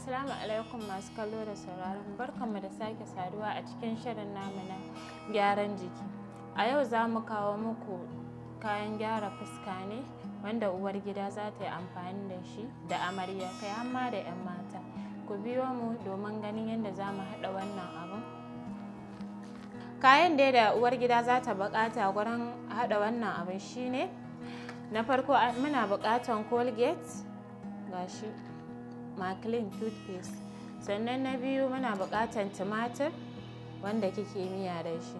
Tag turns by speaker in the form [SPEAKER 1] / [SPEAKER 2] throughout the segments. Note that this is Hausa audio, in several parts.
[SPEAKER 1] Assalamu alaikum masu kallo da sauraron barkanmu da sake saduwa a cikin shirin namu na gyaran jiki. A yau za mu kawo muku kayan gyara fuska ne wanda uwar gida za ta yi amfani da shi da amarya kai ma da 'yan mata. Ku biyo mu domin ganin yadda za mu haɗa wannan abun. Kayan da da uwar gida za ta buƙata gurin haɗa wannan abun shine na farko muna buƙatar colgate gashi maclean toothpaste sannan na biyu muna buƙatan tumatir wanda kike miya da shi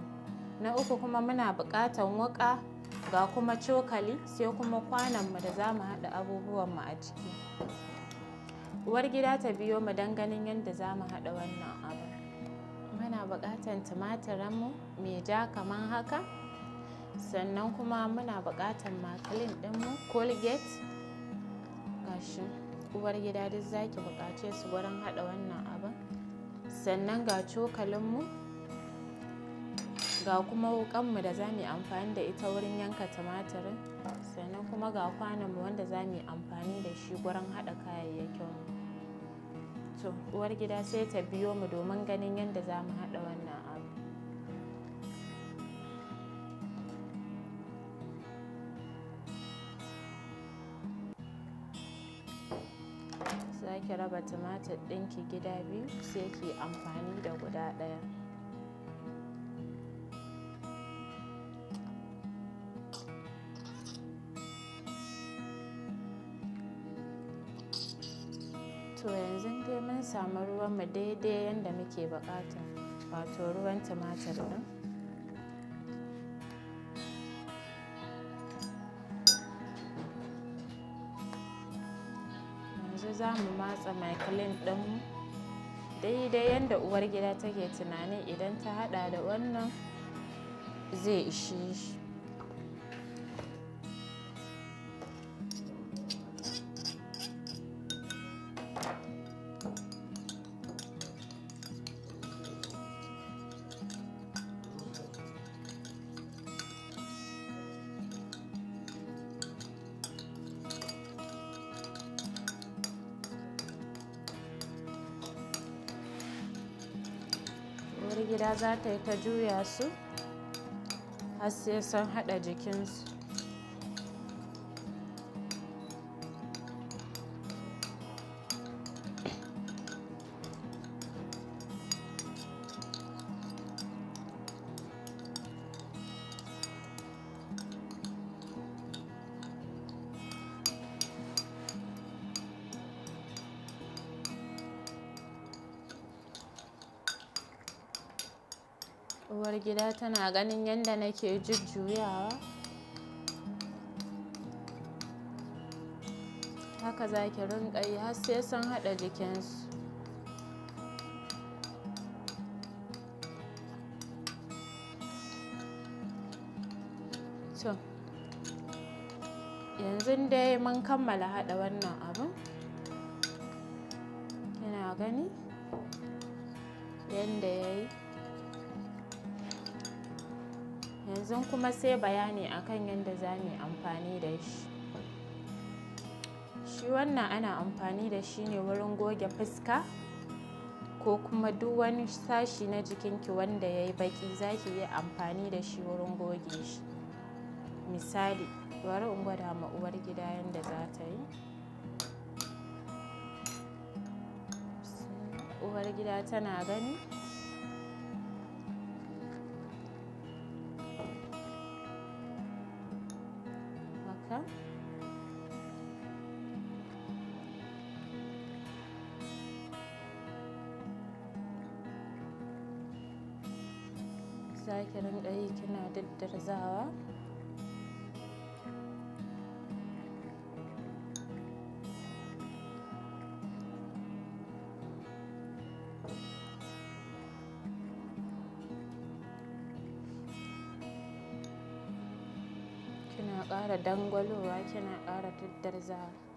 [SPEAKER 1] na uku kuma muna buƙatan wuƙa ga kuma cokali sai kuma mu da za mu haɗa abubuwanmu a ciki uwar gida ta biyo mu don ganin yadda za mu haɗa wannan abu muna buƙatan tumatirinmu mai ja kamar haka sannan kuma muna buƙatan maklin ɗinmu colgate gashi uwar gida duk zaki ki su wurin hada wannan abin sannan ga cokalinmu ga kuma wukanmu da za mu amfani da ita wurin yanka tumatirin sannan kuma ga kwananmu wanda za mu amfani da shi wurin hada kayayyakinmu to uwar gida sai ta biyo mu domin ganin yadda za mu hada wannan za ki raba tumatir ɗinki gida biyu sai ki amfani da guda ɗaya to yanzu dai mun samu ruwanmu daidai yadda muke buƙata wato ruwan tumatir ɗin za mu matsa miclane ɗinmu daidai yadda uwar gida take tunani idan ta haɗa da wannan zai ishe shi gida za ta yi ta juya su har sai sun haɗa jikinsu uwar gida tana ganin yadda nake jujjuyawa haka za ki rinƙa yi har sai sun haɗa jikinsu to yanzu dai mun kammala haɗa wannan abin kina gani yadda ya yi yanzu kuma sai bayani akan yadda za mu yi amfani da shi shi wannan ana amfani da shi ne wurin goge fuska ko kuma duk wani sashi na jikinki wanda ya yi baki za ki yi amfani da shi wurin goge shi misali bari in gwada ma uwar gida yadda za ta yi uwar gida tana gani za ki rinka yi kina daddarzawa kina ƙara dangwalowa kina ƙara daddarzawa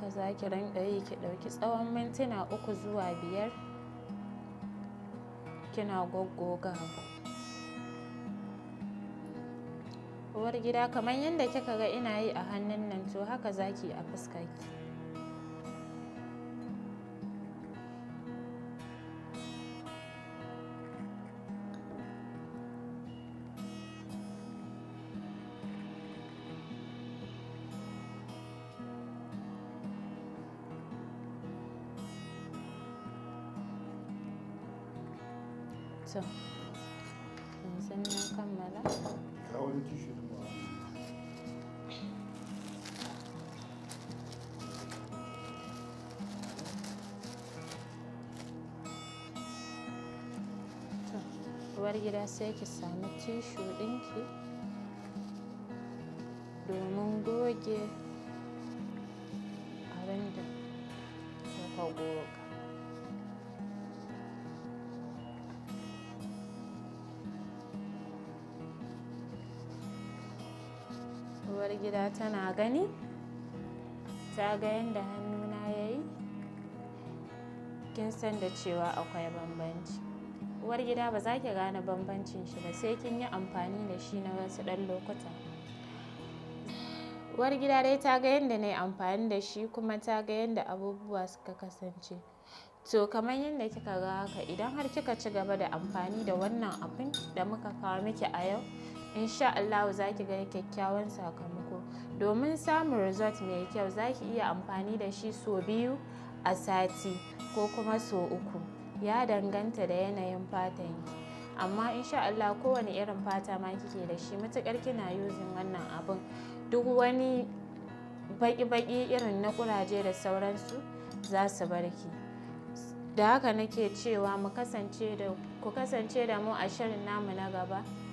[SPEAKER 1] haka za ki ranka yi ki ɗauki tsawon mintuna uku zuwa biyar kina goggoga uwar gida kamar yadda kika ga ina yi a hannun nan to haka zaki a fuskarki So, sen ne kamera? Kavli düşürdüm abi. uwar gida ki sami tishu ɗinki domin goge abin da kuka uwar gida tana gani ta ga yadda hannuna ya yi kin san da cewa akwai bambanci uwar gida ba za ki gane bambancin shi ba sai kin yi amfani da shi na wasu ɗan lokuta uwar gida dai ta ga yadda na yi amfani da shi kuma ta ga yadda abubuwa suka kasance to kamar yadda kika ga haka idan har kika ci gaba da amfani da wannan abin da muka kawo miki a yau insha allahu za ki ga kyakkyawan sakamako domin samun result mai kyau za ki iya amfani da shi so biyu a sati ko kuma so uku ya danganta da yanayin fatanki amma insha Allah kowane irin fata ma kike da shi matukar kina yuzin wannan abin duk wani baki-baki irin na ƙuraje da sauransu za su barki da haka nake cewa ku kasance da mu a shirin namu na gaba